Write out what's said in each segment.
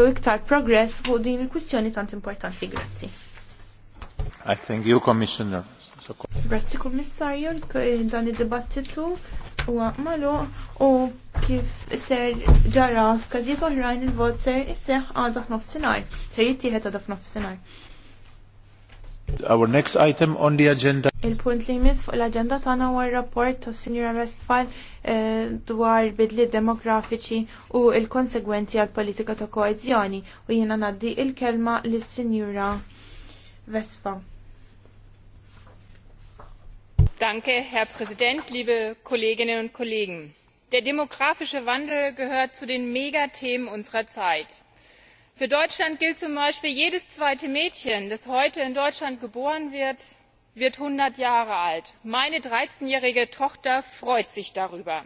nagħmlu iktar progress fuq din il-kwistjoni tant importanti. Grazzi. I thank you, Commissioner. Grazzi Kummissarju, dan id-dibattitu u malu u kif ser ġara f'każijiet oħrajn il-vot ser isseħ għadha f'nofsinhar, ser jittieħed għadha f'nofsinhar. Our next item on the agenda. Il-punt li jmiss fuq l-agenda tagħna huwa r-rapport ta' Sinjura Westfall eh, dwar bidli demografiċi u l-konsegwenzi għall politika ta' koeżjoni u jiena ngħaddi l kelma lis sinjura Westfall. Danke, Herr Präsident, liebe Kolleginnen und Kollegen. Der demografische Wandel gehört zu den Megathemen unserer Zeit für deutschland gilt zum beispiel jedes zweite mädchen das heute in deutschland geboren wird wird einhundert jahre alt. meine dreizehn jährige tochter freut sich darüber.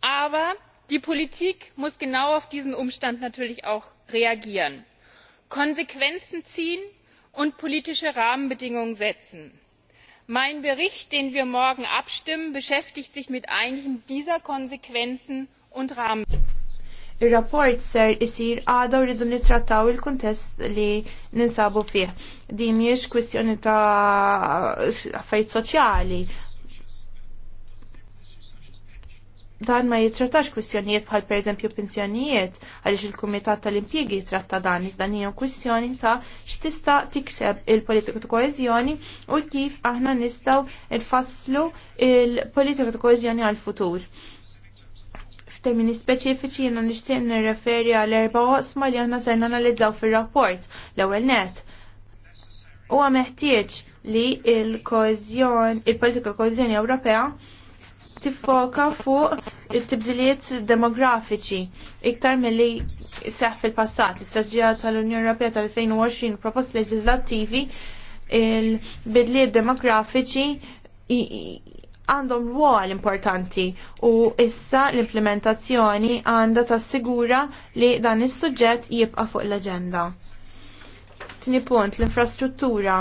aber die politik muss genau auf diesen umstand natürlich auch reagieren konsequenzen ziehen und politische rahmenbedingungen setzen. mein bericht über den wir morgen abstimmen beschäftigt sich mit einigen dieser konsequenzen und rahmenbedingungen. Ir-rapport ser isir għada u rridu nitrattaw il-kuntest li ninsabu fih. Din mhijiex kwistjoni ta' affarijiet soċjali. Dan ma jitrattax kwistjonijiet bħal pereżempju pensjonijiet għaliex il-Kumitat tal-Impjiegi jitratta dan iżda hija kwistjoni ta' x'tista' tikseb il-politika ta' koeżjoni u kif aħna nistgħu nfasslu il-politika ta' koeżjoni għall-futur f'termini speċifiċi jiena nixtieq nirreferi għal erba' oqsma li aħna ser nanalizzaw fir-rapport l-ewwel net. Huwa meħtieġ li il-koeżjon il-politika koeżjoni Ewropea tiffoka fuq il-tibdiliet demografiċi iktar milli seħ fil-passat l-istraġġija tal-Unjoni Ewropea tal-2020 propost leġislattivi il-bidliet demografiċi għandhom ruol importanti u issa l-implementazzjoni għandha tassigura li dan is-suġġett jibqa' fuq l-aġenda. Tini punt l-infrastruttura.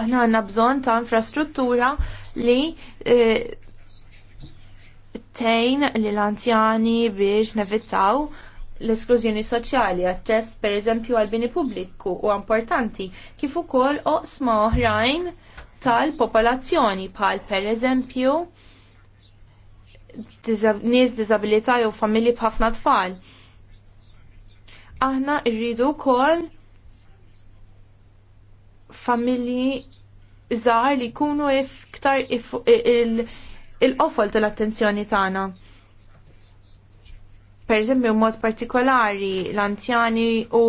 Aħna għandna bżonn ta' infrastruttura li eh, tejn li l-anzjani biex nevittaw l-esklużjoni soċjali għattess per eżempju għal-bini pubbliku u importanti kif ukoll oqsma oħrajn tal-popolazzjoni bħal per eżempju nies disabilità jew familji b'ħafna tfal. Aħna rridu wkoll familji żgħar li jkunu iktar il-qofol tal-attenzjoni tagħna. Per eżempju, mod partikolari l-anzjani u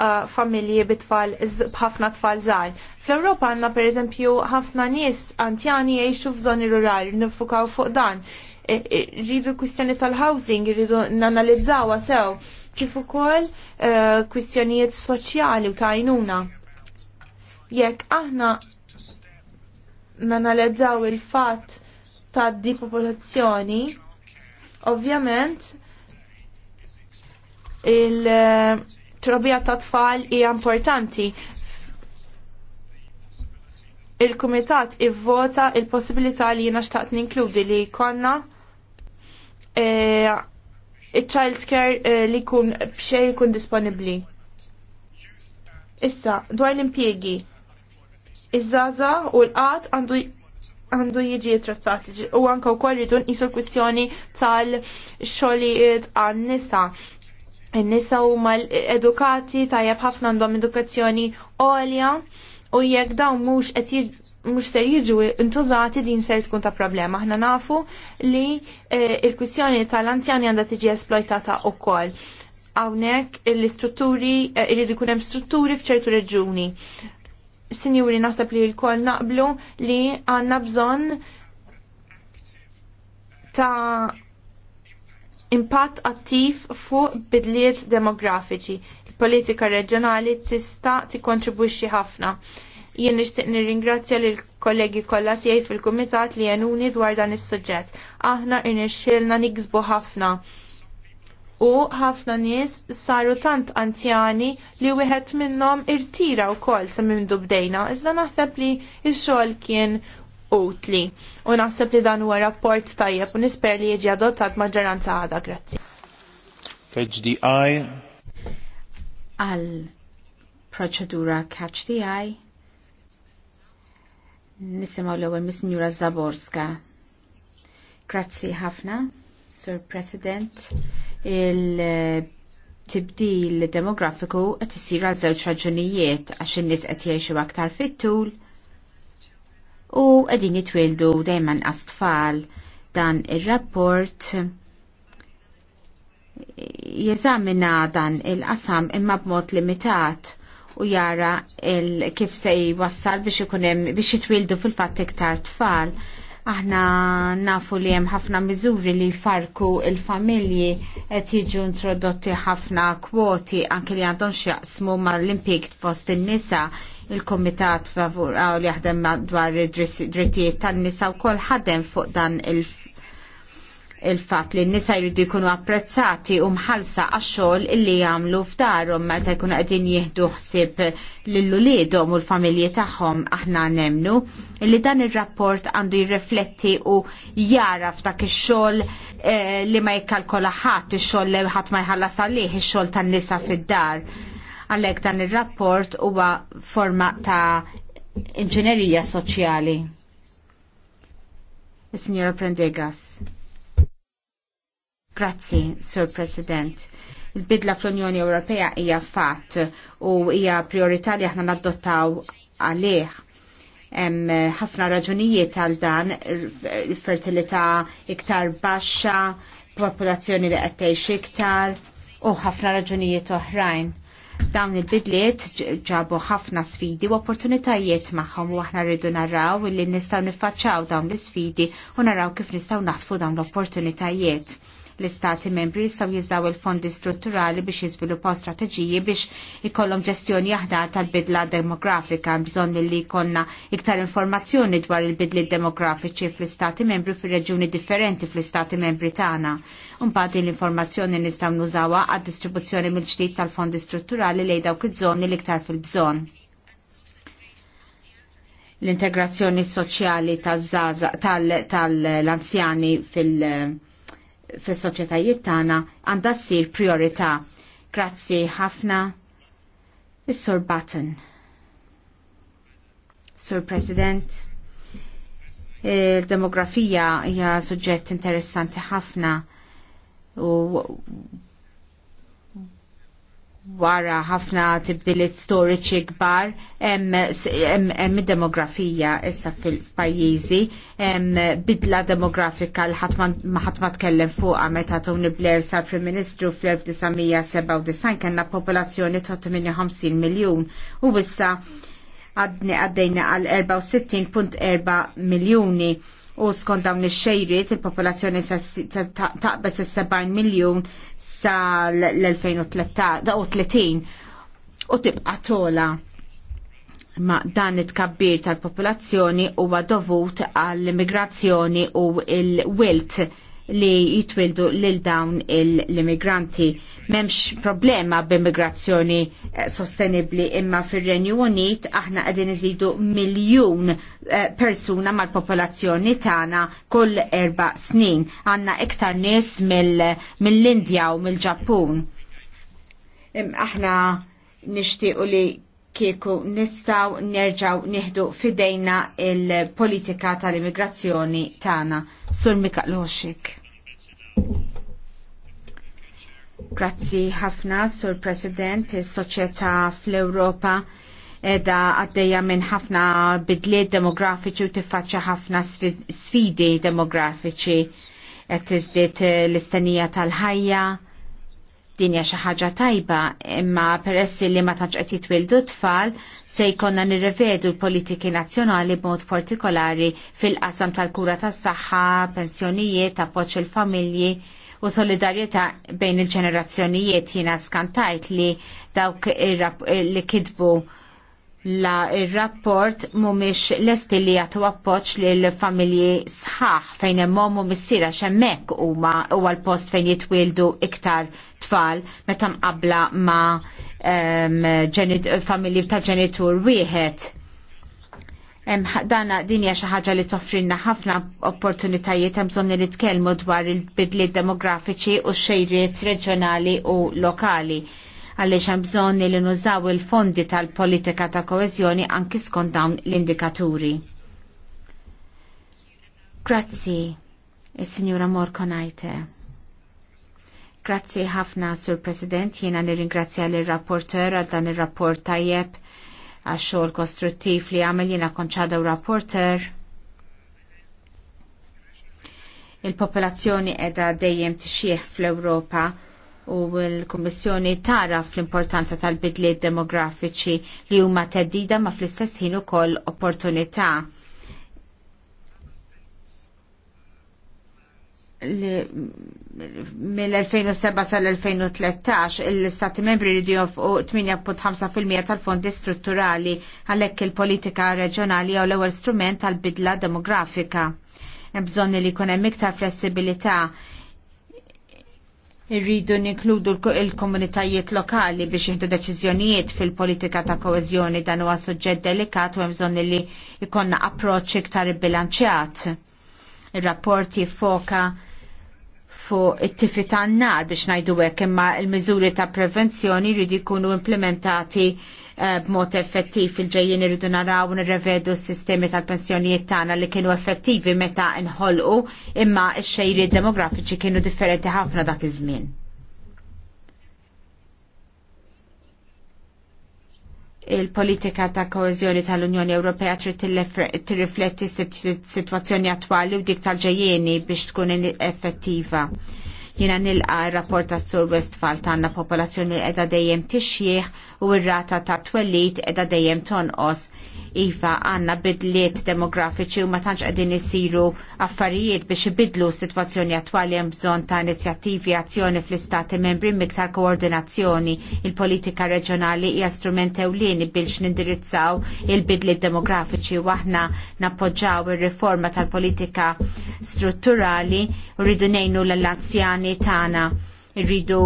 familji familji bitfall b'ħafna tfal żgħar. Fl-Ewropa għandna pereżempju ħafna nies antjani jgħixu f'żoni rurali, nifukaw fuq dan. E, e, rridu kwistjoni tal-housing, rridu nanalizzawa sew kif ukoll e, kwistjonijiet soċjali u ta' għajnuna. Jekk aħna nanalizzaw il-fatt ta' dipopolazzjoni, ovvjament il- trobija ta' tfal hija importanti. Il-Kumitat ivvota il-possibilità li jiena xtaqt ninkludi li jkollna e, il-child care e, li jkun b'xej jkun disponibbli. Issa, dwar l impiegi iż-żaza u l-qat għandu għandu jiġi trattat u għanka wkoll rridu nqisu jisur kwistjoni tal-xogħlijiet għan-nisa n-nisa huma edukati tajjeb ħafna għandhom edukazzjoni għolja u jekk dawn mhux qed mux ser jiġu intużati din ser tkun ta' problema. Aħna nafu li eh, il-kwistjoni tal-anzjani għandha tiġi esploitata wkoll. Hawnhekk l-istrutturi eh, irridu jkun hemm strutturi f'ċertu reġuni. Sinjuri naħseb li l-kol naqblu li għandna bżonn ta' impatt attiv fuq bidliet demografiċi. Il-politika reġjonali tista' tikkontribwixxi ħafna. Jien nixtieq nirringrazzja lil kollegi kollha tiegħi fil-kumitat li jenuni dwar dan is-suġġett. Aħna rnexxielna niksbu ħafna. U ħafna nies saru tant anzjani li wieħed minnhom irtira wkoll sa minn bdejna. Iżda naħseb li x-xogħol kien utli. U naħseb li dan huwa rapport tajjeb u nisper li jiġi adottat maġġoranza għada, grazzi. Catch the eye. Għal proċedura catch the eye. Nisimaw l-ewwel mis Zaborska. Grazzi ħafna, Sir President. Il tibdil demografiku qed isir għal żewġ raġunijiet għax in-nies qed jgħixu aktar fit-tul qegħdin jitwildu dejjem għas-tfal dan ir-rapport jizamina dan il-qasam imma b'mod limitat u jara kif se jwassal biex ikunem hemm biex jitwildu fil-fatt iktar tfal aħna nafu li hemm ħafna miżuri li jfarku l familji qed jiġu introdotti ħafna kwoti anke li għandhom x'jaqsmu mal impikt fost in-nisa il-Komitat favur għaw li jaħdem dwar id drittijiet tan-nisa wkoll ħadem fuq dan il- fat li n-nisa jridu jkunu apprezzati u mħalsa għax-xogħol illi jagħmlu f'darhom meta jkunu qegħdin jieħdu ħsieb lil uliedhom u l-familji tagħhom aħna nemnu illi dan ir-rapport għandu jirrifletti u jara f'dak ix-xogħol eh, li ma jikkalkola ħadd ix-xogħol li ħadd ma jħallas għalih ix-xogħol tan-nisa fid-dar għalhekk dan ir-rapport huwa forma ta' inġinerija soċjali. is Prendegas. Grazzi, Sur President il-bidla fl-Unjoni Ewropea hija fatt u hija priorità li aħna naddottaw għalih. Hemm ħafna raġunijiet għal dan fertilità iktar baxxa, popolazzjoni li qed tgħix iktar u ħafna raġunijiet oħrajn dawn il-bidliet ġabu ħafna sfidi u opportunitajiet magħhom u aħna rridu naraw li nistgħu niffaċċaw dawn l-sfidi u naraw kif nistgħu naħtfu dawn l-opportunitajiet. L-istati membri jistgħu jiżdaw il-fondi strutturali biex jiżviluppaw strateġiji biex ikollhom ġestjoni aħdar tal-bidla demografika bżonn li jkollna iktar informazzjoni dwar il-bidli demografiċi fl-istati membri fir-reġjuni differenti fl-istati membri tagħna. Unbagħad din l-informazzjoni nistgħu nużawha għad-distribuzzjoni mill-ġdid tal-fondi strutturali lejn dawk iż-żoni l-iktar fil-bżonn l-integrazzjoni soċjali tal-anzjani tal, tal, fil- fis soċjetajiet tagħna għandha ssir priorità. Grazzi ħafna. Is-Sur Button. Sur President, il-demografija hija suġġett interessanti ħafna u wara ħafna tibdilit storiċi kbar hemm demografija issa fil-pajjiżi hemm bidla demografika l ma ħadd ma tkellem fuqha meta Tony Blair sar Prim Ministru fl-1997 kellna popolazzjoni ta' 58 miljun u issa għaddejna għal 64.4 miljuni u skont dawn ix-xejriet il-popolazzjoni taqbes is-70 miljun sa l-2030 u tibqa' tola ma dan it-kabbir tal-popolazzjoni huwa dovut għall-immigrazzjoni u l-wilt li jitwildu lil dawn l-immigranti. Memx problema b'immigrazzjoni eh, sostenibli imma fir-Renju Unit aħna qegħdin iżidu miljun eh, persuna mal-popolazzjoni tagħna kull erba snin. Għandna iktar nies mill-Indja u mill-Ġappun. Aħna nixtiequ li kieku nistaw nerġaw nieħdu fidejna il-politika tal-immigrazzjoni tagħna. Sur Mikaloxik. Grazzi ħafna, Sur President, is-soċjetà fl-Ewropa edha għaddeja minn ħafna bidliet demografiċi u tiffaċċa ħafna sfidi demografiċi qed tiżdied eh, l-istennija tal-ħajja. Din hija xi ħaġa tajba, imma peressi li ma tantx qed jitwildu tfal se jkollna nirrevedu l-politiki nazzjonali b'mod partikolari fil-qasam tal-kura tas-saħħa, pensjonijiet, appoġġ il-familji u solidarjetà bejn il-ġenerazzjonijiet jiena skantajt li dawk li kidbu la il-rapport mumiex l-esti li appoċ li l familji sħaħ fejn emmom u xemmek u huma u l-post fejn jitwildu iktar tfal meta mqabbla ma' ehm, familji ta' ġenitur wieħed dan din hija xi ħaġa li toffrilna ħafna opportunitajiet hemm bżonn li nitkellmu dwar il-bidliet demografiċi u xejriet reġjonali u lokali għaliex hemm bżonn li nużaw il-fondi tal-politika ta' koeżjoni anki skont dawn l-indikaturi. Grazzi, is-Sinjura Morkonajte. Grazzi ħafna, Sur President, jiena nirringrazzja l-rapporter għal dan ir rapport tajjeb għax-xogħol kostruttiv li għamel jiena konċada u rapporter il-popolazzjoni edha dejjem t fl-Ewropa u l-Kummissjoni tara fl-importanza tal-bidliet demografiċi li huma teddida ma fl-istess ħin ukoll opportunità mill-2007 sal-2013 l istati membri ridu jonfqu 8.5% tal-fondi strutturali għalhekk il-politika reġjonali jew l-ewwel strument tal-bidla demografika. Hemm bżonn li jkun hemm iktar flessibilità irridu ninkludu il-komunitajiet lokali biex jieħdu deċiżjonijiet fil-politika ta' koeżjoni dan huwa suġġett delikat u hemm bżonn li jkollna approċċ iktar ibbilanċjat. ir rapporti foka fuq it-tifi tan-nar biex ngħidu hekk imma l-miżuri ta' prevenzjoni jridu jkunu implementati eh, b'mod effettiv fil ġejjin irridu naraw nirrevedu s-sistemi tal-pensjonijiet tagħna li kienu effettivi meta nħolqu imma x-xejri demografiċi kienu differenti ħafna dak iż-żmien. il-politika ta' koezjoni tal-Unjoni Ewropea trid tirrifletti s-sitwazzjoni attwali u dik tal-ġejjeni biex tkun effettiva. Jina nilqa r-rapport ta' Sur Westfall għanna popolazzjoni edha dejjem tixjieħ u r-rata ta' twellit edha dejjem tonqos Iva għanna bidliet demografiċi u ma tantx qegħdin isiru affarijiet biex ibidlu s-sitwazzjoni attwali hemm bżonn ta' inizjattivi azzjoni fl-istati membri miktar koordinazzjoni. Il-politika reġjonali hija strument ewlieni biex nindirizzaw il-bidliet demografiċi u aħna nappoġġaw ir-riforma tal-politika strutturali u rridu ngħinu l-anzjani tagħna irridu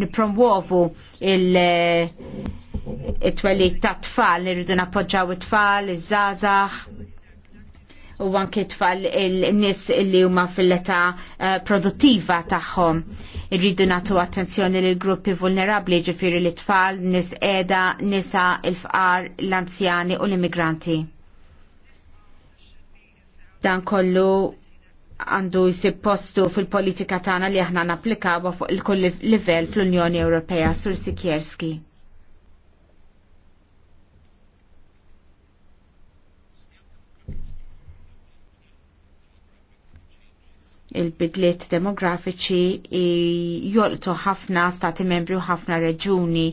nipromuovu il- it-twelli ta' tfal, irridu nappoġġaw it-tfal, iż-żazax, u anke tfal il-nis li huma fil-età eh, produttiva tagħhom. Irridu nagħtu attenzjoni lil gruppi vulnerabbli ġifieri l tfal nis qiegħda, nisa, il-fqar, l-anzjani u l-immigranti. Dan kollu għandu jsib postu fil-politika tagħna li aħna napplikawa fuq il-kull livell fl-Unjoni Ewropea sur Sikjerski. il-bidliet demografiċi jolqtu ħafna stati membri u ħafna reġuni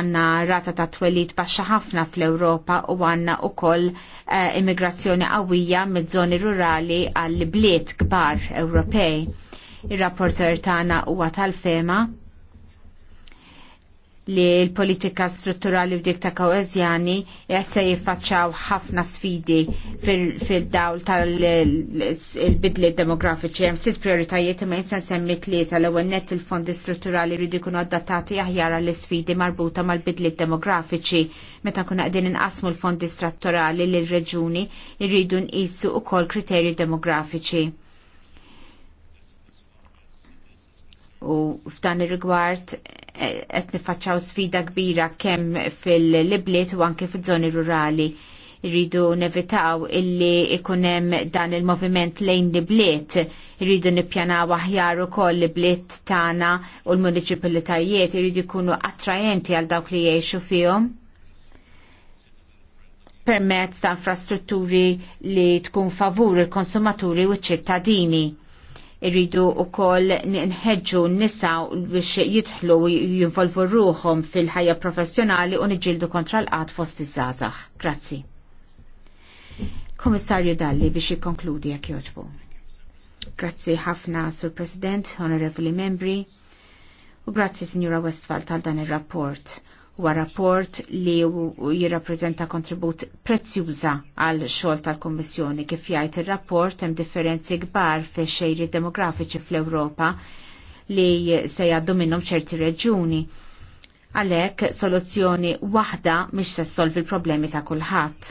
għanna rata ta' twelit baxa ħafna fl-Ewropa u għanna u koll eh, immigrazzjoni qawwija mid-żoni rurali għall bliet kbar Ewropej. Ir-rapporter tagħna huwa tal-fema li l-politika strutturali u dik ta' kawezjani se jiffaċċaw ħafna sfidi fil-dawl tal-bidli demografiċi. Hemm sit prioritajiet imma jinsan nsemmi tlieta l ewwel net il-fondi strutturali jridu jkunu adattati aħjar l sfidi marbuta mal-bidli demografiċi. Meta kuna qegħdin inqasmu l-fondi strutturali l reġuni jridu nqisu wkoll kriterji demografiċi. U f'dan ir-rigward qed nifaċċaw sfida kbira kemm fil-libliet u anke fiż-żoni rurali. rridu nevitaw illi hemm dan il-moviment lejn libliet, irridu nippjanaw aħjar ukoll libliet tagħna u l-municipalitajiet irridu jkunu attrajenti għal dawk li jgħixu fihom permezz ta' infrastrutturi li tkun favur il-konsumaturi u ċ-ċittadini irridu u koll nħedġu nisa biex jitħlu jinvolvu ruħom fil-ħajja professjonali u nġildu kontra l-qat fost iż-żazax. Grazzi. Komissarju Dalli biex jikonkludi jekk joġbu. Grazzi ħafna, Sur President, Onorevoli Membri, u grazzi Signora Westfall tal dan ir rapport huwa rapport li jirrappreżenta kontribut prezzjuża għal xogħol tal-Kummissjoni kif jgħid ir-rapport hemm differenzi kbar fi xejri demografiċi fl-Ewropa li se jgħaddu minnhom ċerti reġuni. Għalhekk soluzzjoni waħda mhix se solvi l-problemi ta' kulħadd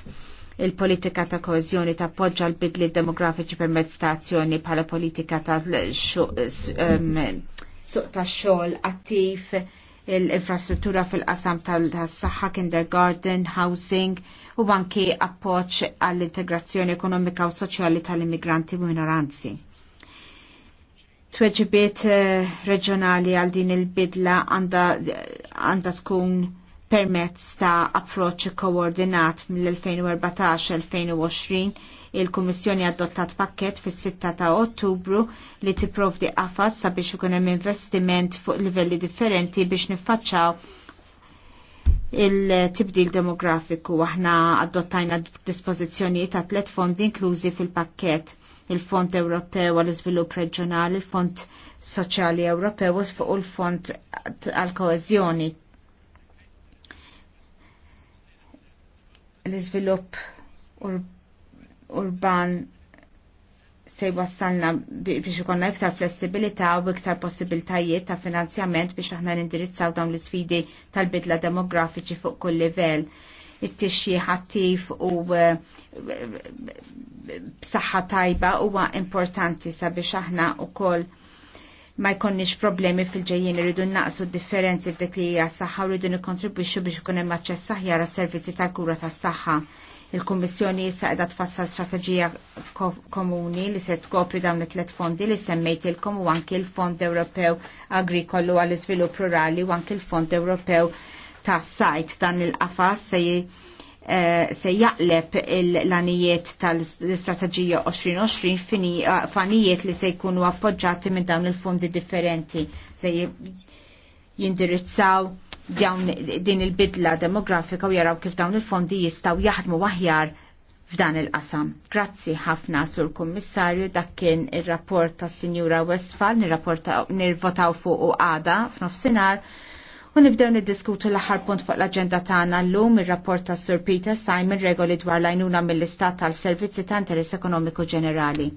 il-politika ta' koezjoni ta' poġġa l-bidli demografiċi permezz ta' azzjoni bħala politika ta' suq ta' xogħol attiv l-infrastruttura fil-qasam tal-saħħa, kindergarten, housing u banki appoġġ għall-integrazzjoni ekonomika u soċjali tal-immigranti u minoranzi. Tweġibiet eh, reġjonali għal din il-bidla għandha tkun permezz ta' approċċ koordinat mill-2014-2020 Il-Kummissjoni adottat pakket fis-6 ta' Ottubru li tipprovdi qafas sabiex ikun hemm investiment fuq livelli differenti biex niffaċċaw il-tibdil demografiku. Aħna adottajna dispożizzjoni ta' tliet fondi inklużi fil-pakket il-Fond Ewropew għal iżvilupp Reġjonali, il-Fond Soċjali Ewropew u fuq il-Fond għal Koeżjoni. L-iżvilupp urban se jwassalna biex ikonna iktar flessibilità u iktar possibiltajiet ta' finanzjament biex aħna nindirizzaw dawn l-isfidi tal-bidla demografiċi fuq kull livell it-tixji ħattif u eh, b'saħħa tajba huwa importanti sabiex aħna wkoll ma jkonniex problemi fil ġejjin irridu naqsu differenzi f'dik li hija saħħa u rridu nikkontribwixxu biex ikun hemm aċċess aħjar għas-servizzi tal-kura tas-saħħa. Il-Kummissjoni issa qiegħda tfassal strateġija komuni li se tkopri dawn it-tlet fondi li semmejtilkom u anki l-Fond Ewropew Agrikolu għall-Iżvilupp Rurali u anki l-Fond Ewropew tas-sajt dan il-qafas se eh, se jaqleb l-anijiet tal-istrateġija 2020 eh, fanijiet li se jkunu appoġġati minn dawn il-fondi differenti se jindirizzaw dawn din il-bidla demografika u jaraw kif dawn il-fondi jistaw jaħdmu aħjar f'dan il-qasam. Grazzi ħafna sur kummissarju dak kien ir-rapport ta' Sinjura Westfall nirvotaw fuq u għada f'nofsinhar u nibdew niddiskutu l-aħħar punt fuq l-aġenda tagħna llum ir-rapport ta' Sur Peter Simon regoli dwar l-għajnuna mill-istat tal-servizzi ta' interess ekonomiku ġenerali.